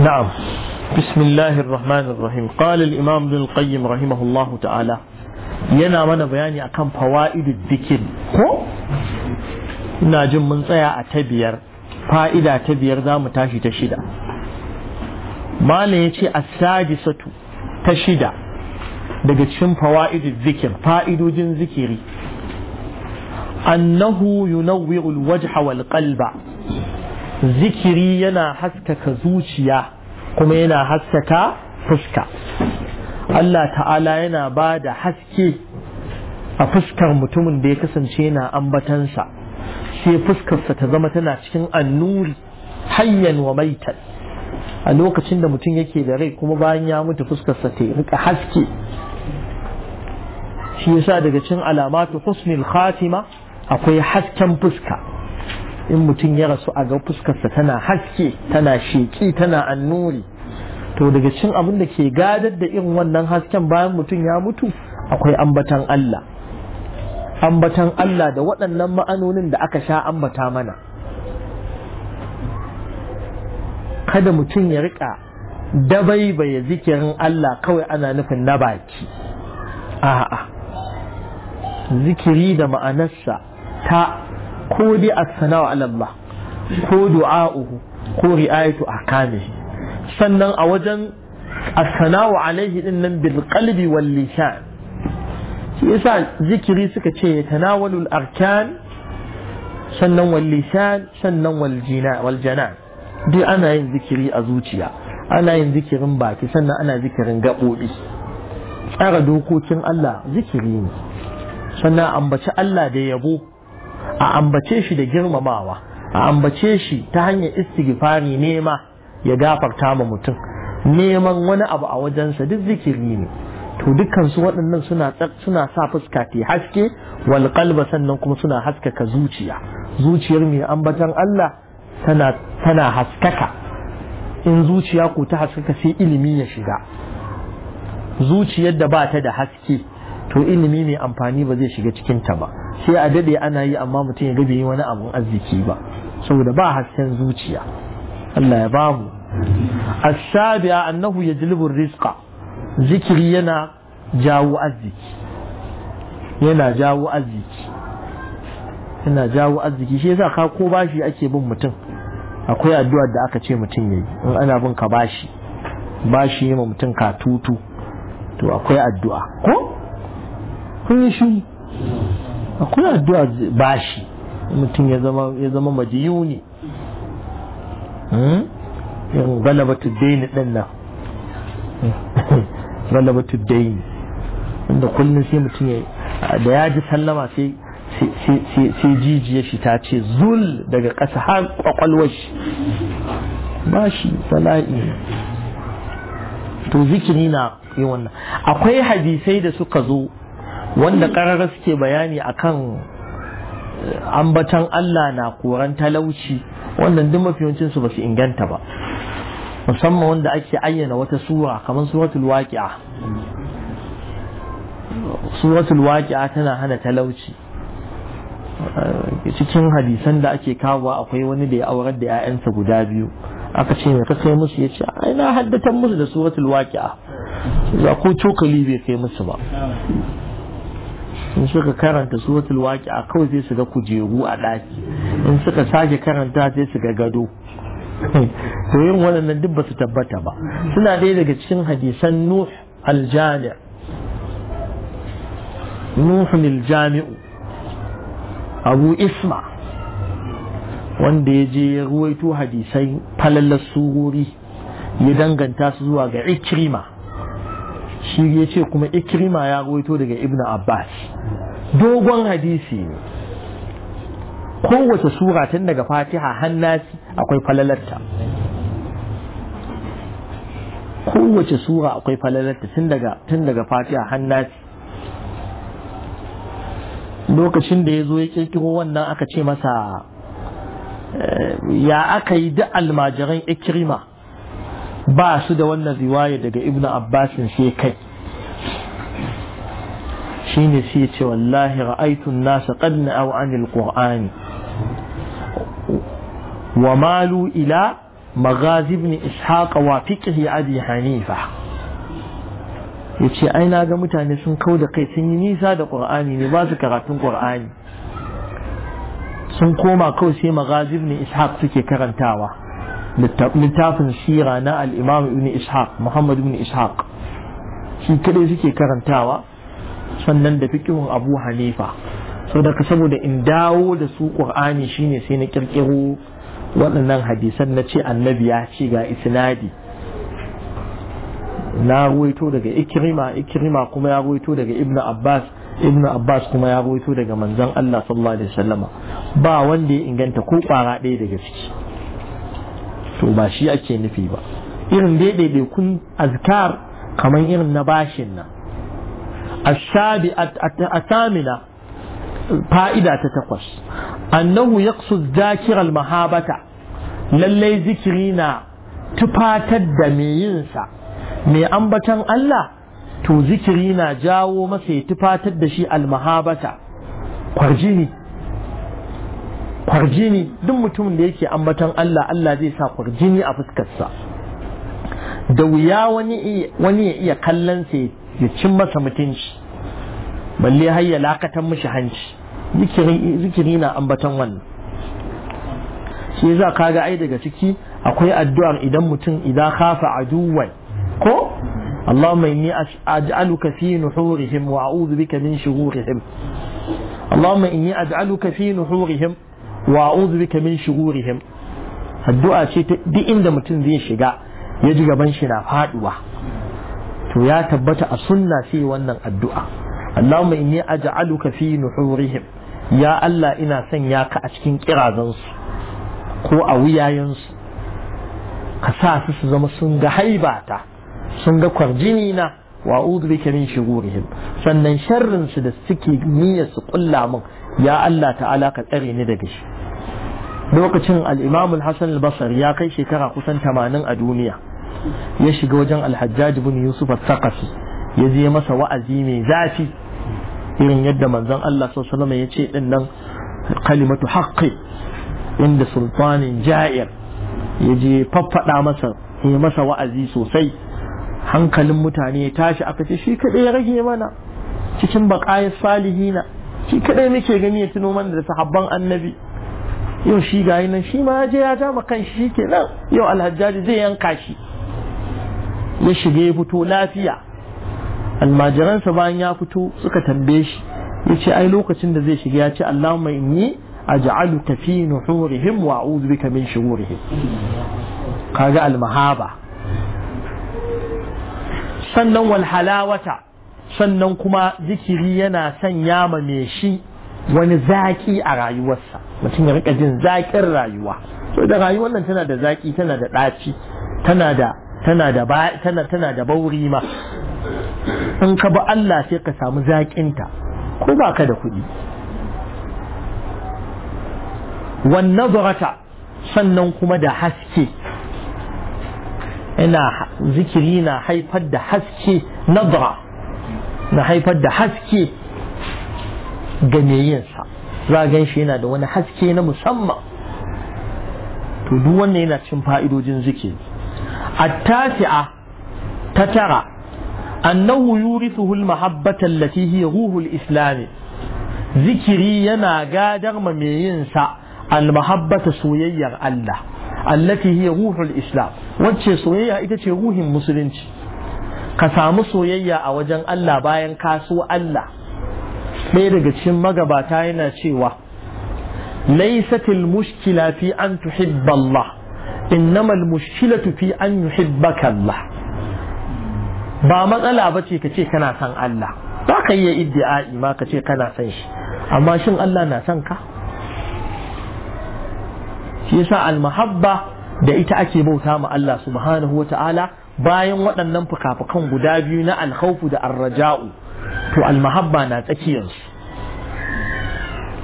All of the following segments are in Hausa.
نعم بسم الله الرحمن الرحيم قال الإمام ابن القيم رحمه الله تعالى yana mana bayani akan fawa'idul ko ina jin mun tsaya a ta biyar fa'ida ta biyar za mu tashi ta shida malam ya ce as-sadisatu ta shida daga cikin fawa'idul zikir fa'idodin zikiri annahu yunawwiru al-wajha wal qalba zikiri yana haskaka zuciya kuma yana haskaka fuska Allah ta'ala yana ba da haske a fuskar mutumin da ya kasance yana ambatansa sai fuskarsa ta zama tana cikin annuri hayyan wa maitan a lokacin da mutum yake da rai kuma bayan ya mutu fuskarsa ta rika haske shi yasa daga cikin alamatu husnul khatima akwai hasken fuska in mutum ya rasu a ga fuskarsa tana haske tana sheƙi tana annuri to daga cin abin da ke gadar da irin wannan hasken bayan mutum ya mutu akwai ambatan Allah ambatan Allah da waɗannan ma'anonin da aka sha ambata mana kada mutum ya riƙa dabaibaye zikirin Allah kawai ana nufin na baki a'a zikiri da ma'anarsa ta ko dai a sanau ala ko du'a'uhu ko ri'ayatu ahkamihi sannan a wajen as-sana'u alaihi din nan bil qalbi wal lisan yasa zikiri suka ce tanawalul arkan sannan wal lisan sannan wal jina wal duk ana yin zikiri a zuciya ana yin zikirin baki sannan ana zikirin gaɓoɓi tsara dokokin Allah zikiri ne sannan ambaci Allah da yabo a ambace shi da girmamawa a ambace shi ta hanyar istighfari nema ya gafarta ma mutum neman wani abu a wajensa duk zikiri ne to dukkan su waɗannan suna suna sa fuska ta haske wal qalba sannan kuma suna haskaka zuciya zuciyar mai ambatan Allah tana tana haskaka in zuciya ko ta haskaka sai ilimi ya shiga zuciyar da ba ta da haske to ilimi mai amfani ba zai shiga cikin ta ba sai a dade ana yi amma mutum ya gabe wani abun arziki ba saboda ba hasken zuciya Allah ya bamu as-sabi'a annahu yajlibu rizqa zikiri yana jawo arziki yana jawo arziki yana jawo arziki shi yasa ka ko bashi ake bin mutum akwai addu'ar da aka ce mutum yayi in ana bin ka bashi bashi yi ma mutum ka tutu to akwai addu'a ko kun yi shi akwai addu'a bashi mutum ya zama ya zama majiyuni hmm? irin galabatu daini din nan galabatu daini inda kullum sai mutum ya da ya ji sallama sai sai shi ta ce zul daga ƙasa har kwakwalwar shi ba shi sala'i to zikiri na yi wannan akwai hadisai da suka zo wanda ƙararra suke bayani a kan eh, ambatan Allah na koran talauci wannan duk mafiyancin su basu inganta ba musamman wanda ake ayyana wata sura kamar suratul waqi'a suratul waqi'a tana hana talauci eh, cikin hadisan da ake kawo akwai wani da ya aurar da 'ya'yansa guda biyu aka ce mai kai musu ya ce ai na haddatan musu da suratul waqi'a za ko cokali bai kai musu ba in suka karanta suratul waki a kawai zai su ga kujeru a ɗaki in suka sake karanta sai su ga gado to yin waɗannan duk ba su tabbata ba suna ɗaya daga cikin hadisan nuh aljami'a nuhun aljami'u abu isma wanda ya je ya ruwaito hadisan falallar sururi ya danganta su zuwa ga Ikirima. shi ya ce kuma Ikirima ya goito daga ibn abbas dogon hadisi ne kowace sura tun daga fatiha hannasi akwai falalarta kowace sura akwai falalarta tun daga fatiha hannasi lokacin da ya zo ya kirkiro wannan aka ce masa eh, ya aka yi da almajiran ikirima ba su da wannan riwaya daga ibnu abbasin sai kai shine shi ya ce wallahi ra'aytu an-nasa qad na'u 'anil qur'ani wa malu ila maghazi ibn ishaq wa fiqhi abi hanifa yace ai na ga mutane sun kau da kai sun yi nisa da qur'ani ne ba su karatun qur'ani sun koma kawai sai maghazi ibn ishaq suke karantawa littafin sira na al'imam ibn ishaq muhammad ibn ishaq shi kaɗai suke karantawa sannan da fikihun abu hanifa so saboda in dawo da su qur'ani shine sai na kirkiro waɗannan hadisan na ce annabi ya ce ga isnadi na ruwaito daga Ikirima, Ikirima kuma ya ruwaito daga Ibn abbas Ibn abbas kuma ya ruwaito daga manzon Allah sallallahu alaihi wasallama ba wanda ya inganta ko kwara ɗaya daga ciki to ba shi ake nufi ba irin daidai kun azkar kamar irin na bashin nan ashabi atamina fa'ida ta takwas annahu yaqsu dhakir al mahabata Lallai zikiri na tufatar da me yin sa me ambatan Allah to zikiri na jawo masa ya tufatar da shi al mahabata kwarjini kwarjini duk mutumin da yake ambaton Allah Allah zai sa kwarjini a fuskarsa da wuya wani ya iya kallon sa ya cin masa mutunci balle har ya lakatan mishi hanci zikiri na ambaton wannan shi za kaga ai daga ciki akwai addu'ar idan mutum idan khafa aduwan ko اللهم إني أجعلك في نحورهم وأعوذ بك من شرورهم اللهم إني أجعلك في نحورهم wa a'udhu bika min shururihim addu'a ce ta duk inda mutum zai shiga ya ji gaban shi na faduwa to ya tabbata a sunna sai wannan addu'a Allahumma inni aj'aluka fi nuhurihim ya Allah ina sanya ka a cikin kirazansu ko a wuyayensu ka sa su su zama sun ga haibata sun ga kwarjini na وأعوذ بك من شرورهم sannan sharrin su da suke niyyar su kulla min ya Allah ta'ala ka tsare ni daga shi lokacin al-Imam al-Hasan al-Basri ya kai shekara kusan 80 a duniya ya shiga wajen al-Hajjaj ibn Yusuf al-Thaqafi ya je masa wa'azi mai zafi irin yadda manzon Allah sallallahu alaihi wasallam ya ce din nan kalimatu haqqi inda sultanin ja'ir ya je faffada masa ya masa wa'azi sosai hankalin mutane ya tashi aka ce shi kaɗai ya rage mana cikin baƙayar na. shi kaɗai muke gani ya tuno mana da sahabban annabi yau shi gayi nan shi ma je ya ja makan shi ke nan yau alhajjaji zai yanka shi ya shiga ya fito lafiya almajiransa bayan ya fito suka tambaye shi ya ce ai lokacin da zai shiga ya ce yi a ja'alu tafi nuhurihim wa a'udhu bika min shururihim kaga almahaba sannan wal halawata sannan kuma zikiri yana sanya ma me shi wani zaki a rayuwarsa mutum ya rika jin zakin rayuwa so da rayuwar nan tana da zaki tana da ɗaci tana da tana da ba tana tana da bauri ma in ka bi Allah sai ka samu zakinta ko ba ka da kuɗi wannan sannan kuma da haske ina zikiri na haifar da haske nadra na haifar da haske ga meyinsa za a gan shi yana da wani haske na musamman to duk wannan yana cin fa'idojin zikiri ta tara annahu أنه يورثه المحبة hiya هي روح zikiri yana gadar ma من ينسى المحبة soyayyar Allah allati hiya روح الإسلام wacce soyayya ita ce ruhin musulunci ka samu soyayya a wajen Allah bayan ka Allah ɗaya daga cikin magabata yana cewa laisatil mushkila fi an tuhibba Allah innamal fi an yuhibbaka Allah ba matsala ba ce ka ce kana son Allah za ka iya iddi'a'i ma ka ce kana san shi amma shin Allah na son ka yasa al da ita ake bauta ma Allah subhanahu wa ta'ala bayan waɗannan fukafukan guda biyu na Alkaufu da arraja'u to almahabba na tsakiyarsu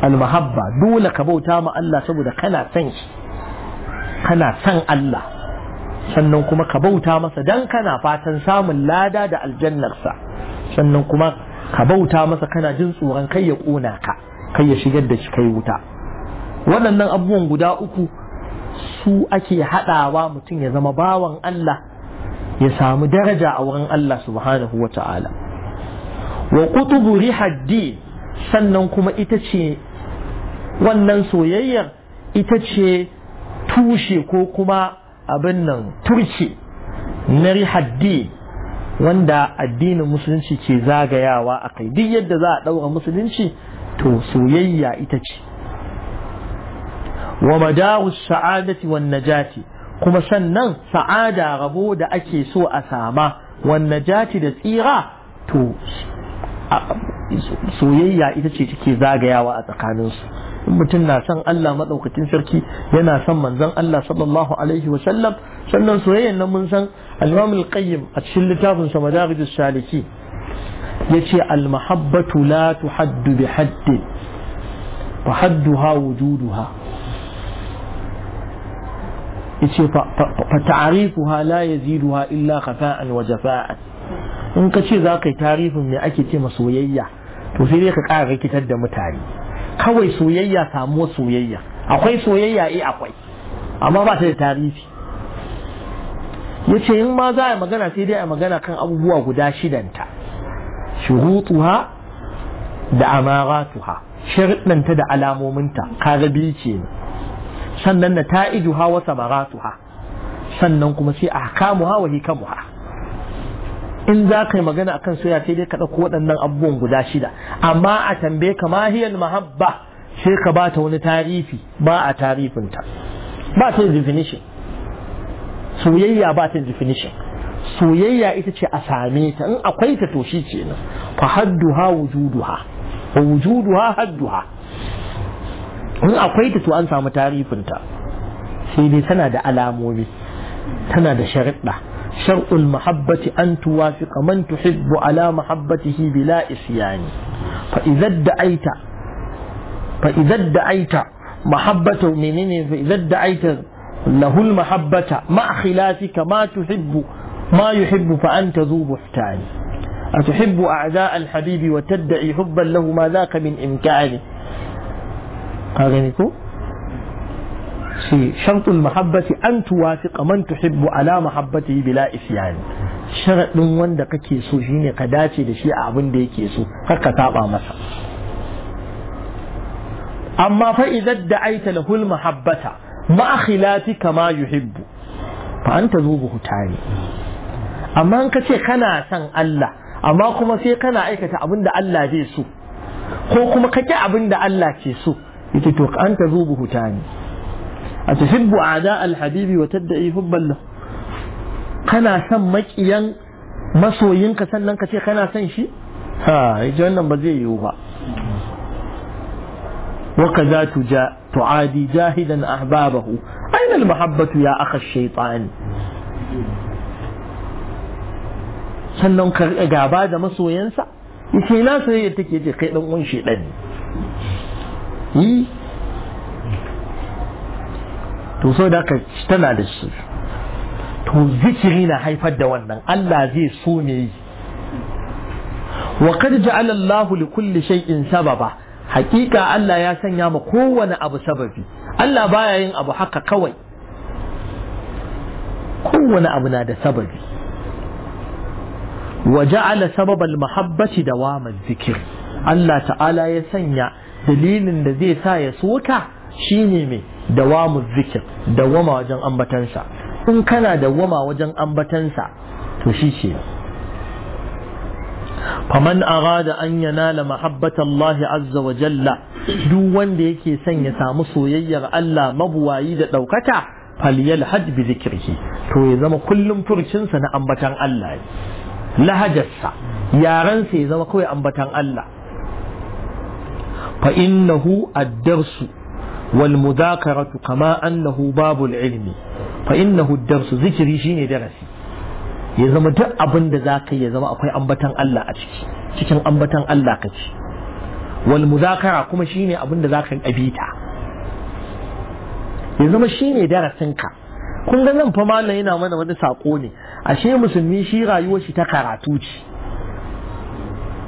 almahabba dole ka bauta ma Allah saboda kana son shi kana son Allah sannan kuma ka bauta masa dan kana fatan samun lada da aljannarsa sannan kuma ka bauta masa kana jin tsoron kai ya ƙona ka kai ya shigar da shi kai wuta waɗannan abubuwan guda uku su ake haɗawa mutum ya zama bawan Allah ya samu daraja a wurin Allah subhanahu wa ta'ala wa kutubu rihaddi sannan kuma ita ce wannan soyayyar ita ce tushe ko kuma abin nan turke na rihaddi wanda addinin musulunci ke zagayawa a kai duk yadda za a ɗaura musulunci to soyayya ita ce wa madahu sa'adati wan najati kuma sannan sa'ada rabo da ake so a sama wan najati da tsira to soyayya ita ce take zagayawa a tsakaninsu in mutum na son Allah maɗaukacin sarki yana son manzon Allah sallallahu alaihi wa sallam sannan soyayyan nan mun san al-Imam al-Qayyim a cikin littafin sa Madarijus Saliki yace al-mahabbatu la tuhaddu bi haddin wa hadduha wujuduha yace fa ta'rifuha la yaziduha illa khafa'an wa jafa'an in ka ce za ka yi tarifin me ake ce ma soyayya to sai dai ka ƙara rikitar da mutane kawai soyayya samuwa soyayya akwai soyayya eh akwai amma ba ta da tarifi yace in ma za a magana sai dai a magana kan abubuwa guda shidanta shurutuha da amaratuha sharuɗanta da alamominta kaga biyu ce ne sannan na ta'ijuha wa ha sannan kuma sai a wahi wa ha in za ka yi magana akan soya sai dai ka ɗauko waɗannan abubuwan guda shida amma a tambaye ka mahiyar mahabba sai ka ba ta wani tarifi ba a tarifinta ba ta definition soyayya ba ta definition soyayya ita ce a same ta in akwai ta to shi kenan fa hadduha wujuduha wa wujuduha hadduha in akwai ta to an samu tarifinta sai dai tana da alamomi tana da sharuɗa shar'ul mahabbati an tuwafiqa man tuhibbu ala mahabbatihi bila isyani fa idza da'aita fa idza da'aita mahabbatu menene fa idza da'aita lahu al mahabbata ma khilafika ma tuhibbu ma yuhibbu fa anta dhu buhtani أتحب أعداء الحبيب وتدعي حبا له ما ذاك من إمكانه ka gani ko shi shartul mahabbati an tuwafiqa man tuhibbu ala mahabbatihi bila isyan sharadin wanda kake so shine ka dace da shi a abin da yake so kar ka saba masa amma fa idza da'aita lahu al mahabbata ma khilati kama yuhibbu fa anta zubuhu tani amma in kace kana son Allah amma kuma sai kana aikata abin da Allah zai so ko kuma kake abin da Allah ke so يتتوقع أن تذوبه تاني أتحب أعداء الحبيب وتدعي حبا له كنا سمك ين مسو ينك سنن كتي كنا سنشي ها يجوانا بزي يوبا وكذا تجا تعادي جاهدا أحبابه أين المحبة يا أخ الشيطان sannan gaba da masoyansa ishe na sai ya take je yi to so da ka tana da shi to zikiri na haifar da wannan Allah zai so me yi wa kad ja'ala Allahu li kulli shay'in sababa hakika Allah ya sanya ma kowane abu sababi Allah baya yin abu haka kawai kowane abu na da sababi wa ja'ala sababal mahabbati dawama zikir Allah ta'ala ya sanya dalilin da zai sa ya soka shine mai dawamu zikir dawama wajen ambatansa in kana dawama wajen ambatansa to shi ce faman arada an yanala mahabbata Allah azza wa jalla duk wanda yake son ya samu soyayyar Allah mabuwayi da ɗaukaka had bi zikrihi to ya zama kullum furcinsa na ambatan Allah lahajarsa yaransa ya zama kawai ambatan Allah فإنه الدرس والمذاكرة كما أنه باب العلم فإنه الدرس ذكري شيني درسي ya zama duk abin da za ka ya zama akwai ambatan Allah a cikin ambatan Allah ka ci wal muzakara kuma shine abin da za ka abita ya zama shine darasin ka kun ga nan fa malam yana mana wani sako ne ashe musulmi shi rayuwar shi ta karatu ce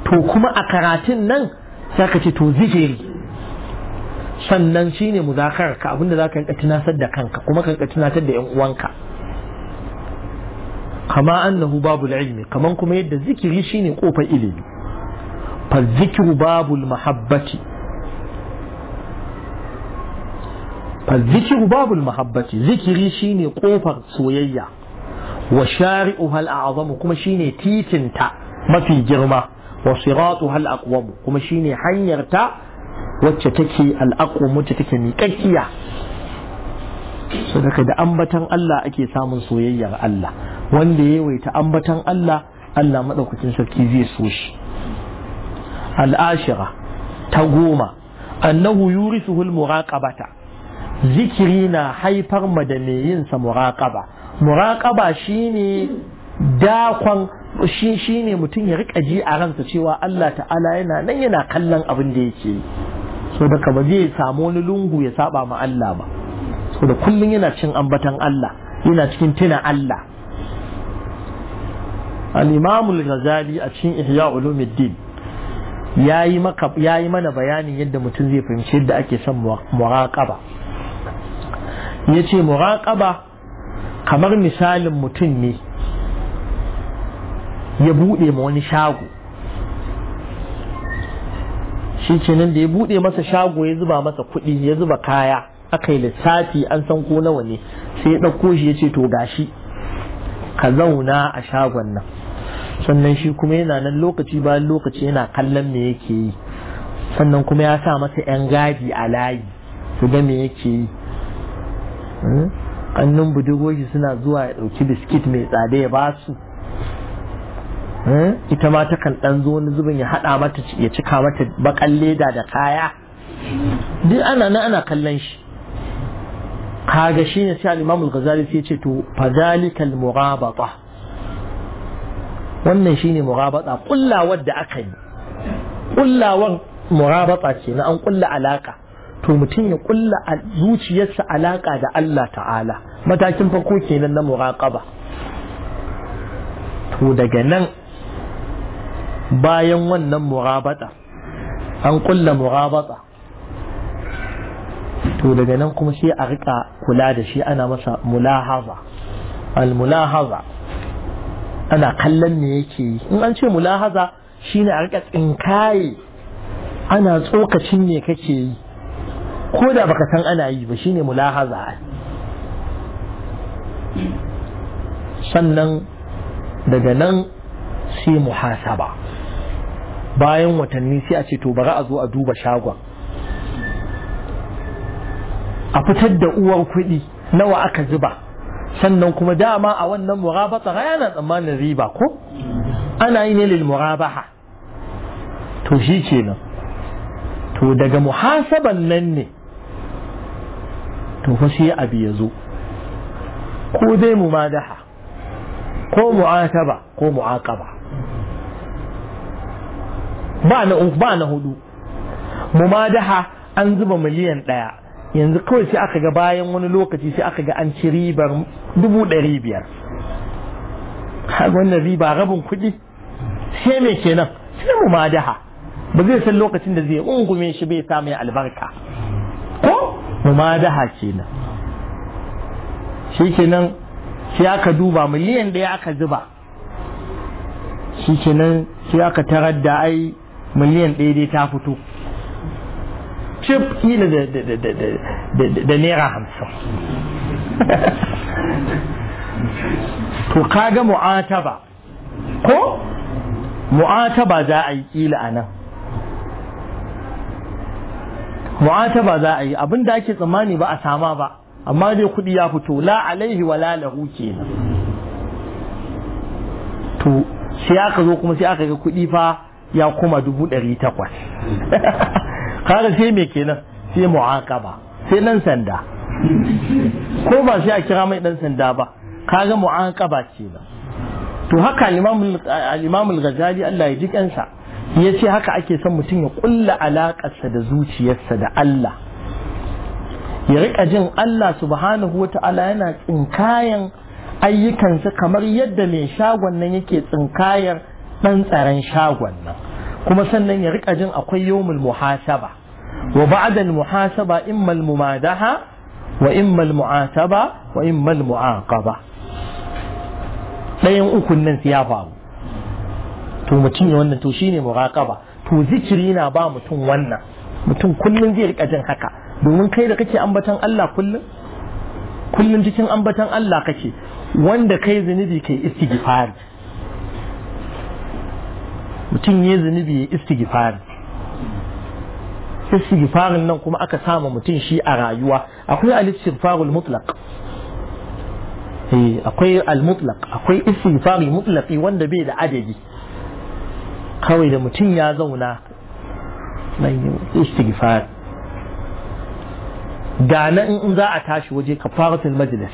to kuma a karatun nan sai ka to zikiri sannan shine muzakarar ka abinda zaka ka rika tunasar da kanka kuma ka rika tunatar da yan uwanka kama annahu babul ilmi kaman kuma yadda zikiri shine kofar ilimi fal zikru babul mahabbati fal zikru babul mahabbati zikiri shine kofar soyayya wa shari'uha al a'zamu kuma shine titinta mafi girma wa siratu hal aqwam kuma shine hanyar ta wacce take al-aqwam wacce take miƙaƙƙiya. saboda da ambatan Allah ake samun soyayyar Allah wanda ya yawaita ambatan Allah Allah madaukakin sarki zai so shi al-ashira ta goma annahu yurisuhu al-muraqabata zikiri na haifar ma da mai yinsa muraƙaba muraƙaba shine dakon shi shi ne mutum ya riƙa ji a ransa cewa Allah ta'ala yana nan yana kallon abin da yake yi so da ba zai samu wani lungu ya saba ma Allah ba so da kullum yana cin ambatan Allah yana cikin tuna Allah al imamul ghazali a cikin Ihya Ulumuddin yayi maka yayi mana bayanin yadda mutum zai fahimci yadda ake son muraqaba yace muraqaba kamar misalin mutum ne ya buɗe ma wani shago shi kenan da ya buɗe masa shago ya zuba masa kuɗi ya zuba kaya aka yi lissafi an san ko nawa ne sai ya ɗauko shi ya ce to gashi ka zauna a shagon nan sannan shi kuma yana nan lokaci bayan lokaci yana kallon me yake yi sannan kuma ya sa masa 'yan gadi a layi su ga me yake yi Kannin hmm? budurwoshi suna zuwa ya ɗauki biskit mai tsada ya ba su Eh? ita ma takan ɗan zo wani zubin ya haɗa mata ya cika mata bakan leda da kaya duk ana nan ana kallon shi kaga shi ne sai al-Imam ghazali sai ce to Fadalikal mughabata wannan shine mughabata kullawar da aka yi kullawar mughabata ce na an kulla alaka to mutum ya kulla zuciyarsa alaka da Allah ta'ala matakin farko kenan na muraqaba to daga nan bayan wannan murabata an kulla murabata to daga nan kuma sai a rika kula da shi ana masa mulahaza al-mulahaza ana kallon ne yake yi in an ce mulahaza shine a rika tsinkaye ana tsokacin ne kake yi ko da baka san ana yi ba shine mulahaza sannan daga nan sai muhasaba bayan watanni sai a ce to bari a zo a duba shagon a fitar da uwar kuɗi nawa aka zuba sannan kuma dama a wannan murabata yana tsammanin riba ko ana yi ne lil murabaha to shi nan. to daga muhasaban nan ne to fa sai abu ya zo ko dai mumadaha ko mu'ataba ko mu'aqaba ba na ba na hudu daha an zuba miliyan ɗaya yanzu kawai sai aka ga bayan wani lokaci sai aka ga an ci ribar dubu ɗari biyar wannan riba rabin kuɗi sai me kenan sai mu ma daha ba zai san lokacin da zai ungume shi bai samu ya albarka ko mu ma daha kenan shi kenan sai aka duba miliyan ɗaya aka zuba shi kenan sai aka tarar da ai miliyan ɗaya dai ta fito cif kila da naira hamsin to kaga mu'ataba ko mu'ataba za a yi kila a nan mu'ataba za a yi abin da ake tsammani ba a sama ba amma dai kuɗi ya fito la alaihi wa lalahu ke kenan to sai aka zo kuma sai aka ga kuɗi fa ya kuma dubu ɗari takwas kaga sai me kenan sai mu'aqaba sai nan sanda ko ba sai a kira mai ɗan sanda ba kaga ce ba. to haka al-imam al Allah ya ji kansa ya ce haka ake son mutum ya kulla alaƙarsa da zuciyarsa da Allah ya riƙa jin Allah subhanahu ta'ala yana tsinkayen ayyukansa kamar yadda mai shagon nan yake tsinkayar ɗan tsaron shagon nan kuma sannan ya rika jin akwai yawmul muhasaba wa ba'da muhasaba imma mumadaha wa imma mu'ataba wa imma mu'aqaba ɗayan ukun nan ya faru to mutum ne wannan to shine muraqaba to zikiri na ba mutum wannan mutum kullum zai rika jin haka domin kai da kake ambatan Allah kullum kullum cikin ambatan Allah kake wanda kai zunubi kai istighfari mutum ya zunubi ya istighfar istighfarin nan kuma aka sama mutum shi a rayuwa akwai al-istighfarul mutlaq eh, akwai al-mutlaq akwai istighfari mutlaqi wanda bai da adadi kawai da mutum ya zauna nan istighfar ga nan in za a tashi waje kafaratul majlis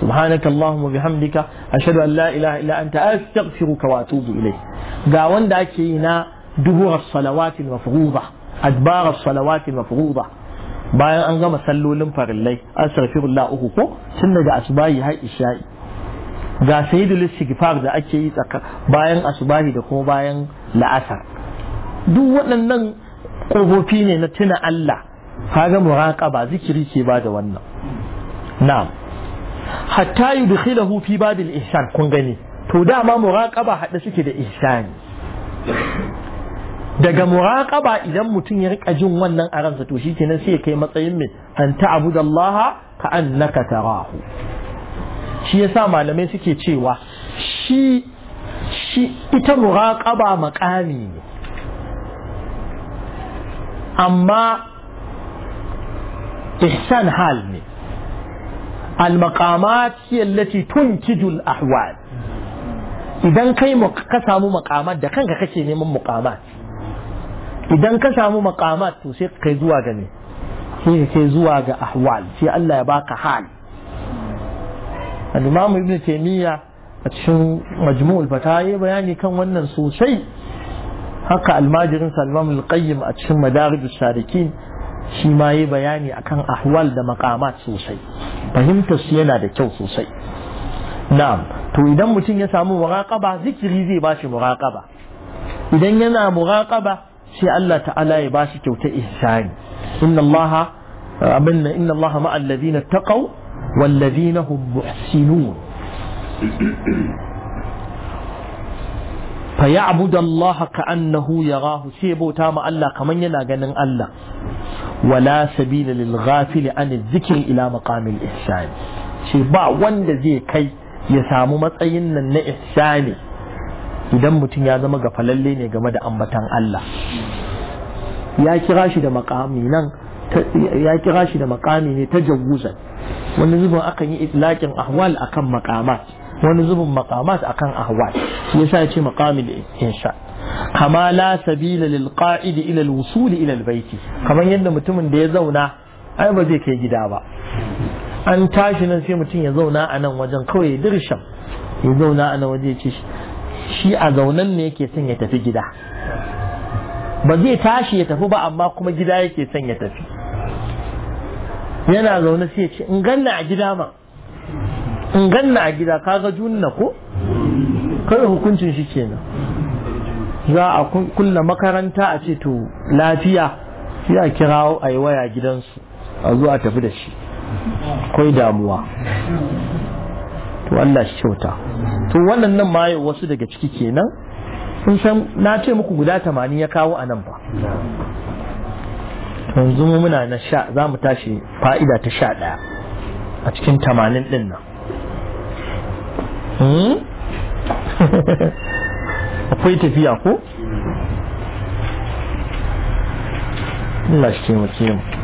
subhanakallahumma bihamdika ashhadu an la ilaha illa anta astaghfiruka wa atubu ilayk ga wanda ake yi na duburar salawatin mafruza adbarar salawatin fuhuba bayan an gama sallolin farillai an sarfirullah uku ko tun daga asubahi har isha'i ga sayyidul istighfar da ake yi tsaka bayan asubahi da kuma bayan la'asar duk waɗannan ƙofofi ne na tuna Allah kaga ba zikiri ke ba da wannan na'am hatta yudkhilahu fi babil ihsan kun gani to dama muraqaba haɗe suke da ihsani daga muraqaba idan mutum ya rika jin wannan a ransa to shikenan sai ya kai matsayin mai an ta'budallaha ka annaka tarahu shi yasa malamai suke cewa shi shi ita muraqaba makami ne amma ihsan hal ne al-maqamat hiya allati tunkiju idan kai ka samu makamat da kanka kake neman makamat idan ka samu makamat to sai kai zuwa ga sai kai zuwa ga ahwal sai Allah ya baka hal al-imam ibn taymiya a cikin majmu'ul fatawa bayani kan wannan sosai haka almajirin salman al-qayyim a cikin madarijus sadikin shi ma yi bayani akan ahwal da makamat sosai fahimtar su yana da kyau sosai na'am to idan mutum ya samu muraqaba zikiri zai bashi muraqaba idan yana muraqaba sai Allah ta'ala ya bashi kyautar ihsani inna Allah abinna inna Allah ma alladhina taqaw wal ladhina hum muhsinun fa ya'budu Allah ka'annahu yarahu sai bauta ma Allah kaman yana ganin Allah wala sabila lil ghafil an zikri ila maqamil ihsani shi ba wanda zai kai ya samu matsayin nan na ihsani idan mutum ya zama ga falalle ne game da ambatan Allah ya kira shi da makami nan ya kira shi da makami ne ta jawuzan wani zubin akan yi itlaqin ahwal akan maqamat wani zubin maqamat akan ahwal shi yasa ya ce da insha kama la sabila lil qa'id ila al wusul ila al bayt kaman yadda mutumin da ya zauna ai ba zai kai gida ba an tashi nan sai mutum ya zauna a nan wajen kawai ya dirshan ya zauna a nan waje ce shi a zaunan ne yake son ya tafi gida ba zai tashi ya tafi ba amma kuma gida yake son ya tafi yana zaune sai ya ce in ganna a gida ma in ganna a gida ka kaga na ko kawai hukuncin shi kenan za a kulla makaranta a ce to lafiya sai a kirawo a yi waya gidansu a zo a tafi da shi akwai damuwa to Allah shi kyauta to wannan nan ma wasu daga ciki kenan sun san na ce muku guda tamanin ya kawo a nan ba yanzu muna na sha za mu tashi fa'ida ta sha ɗaya a cikin tamanin ɗin nan hmm? akwai tafiya ko? Allah shi ke mu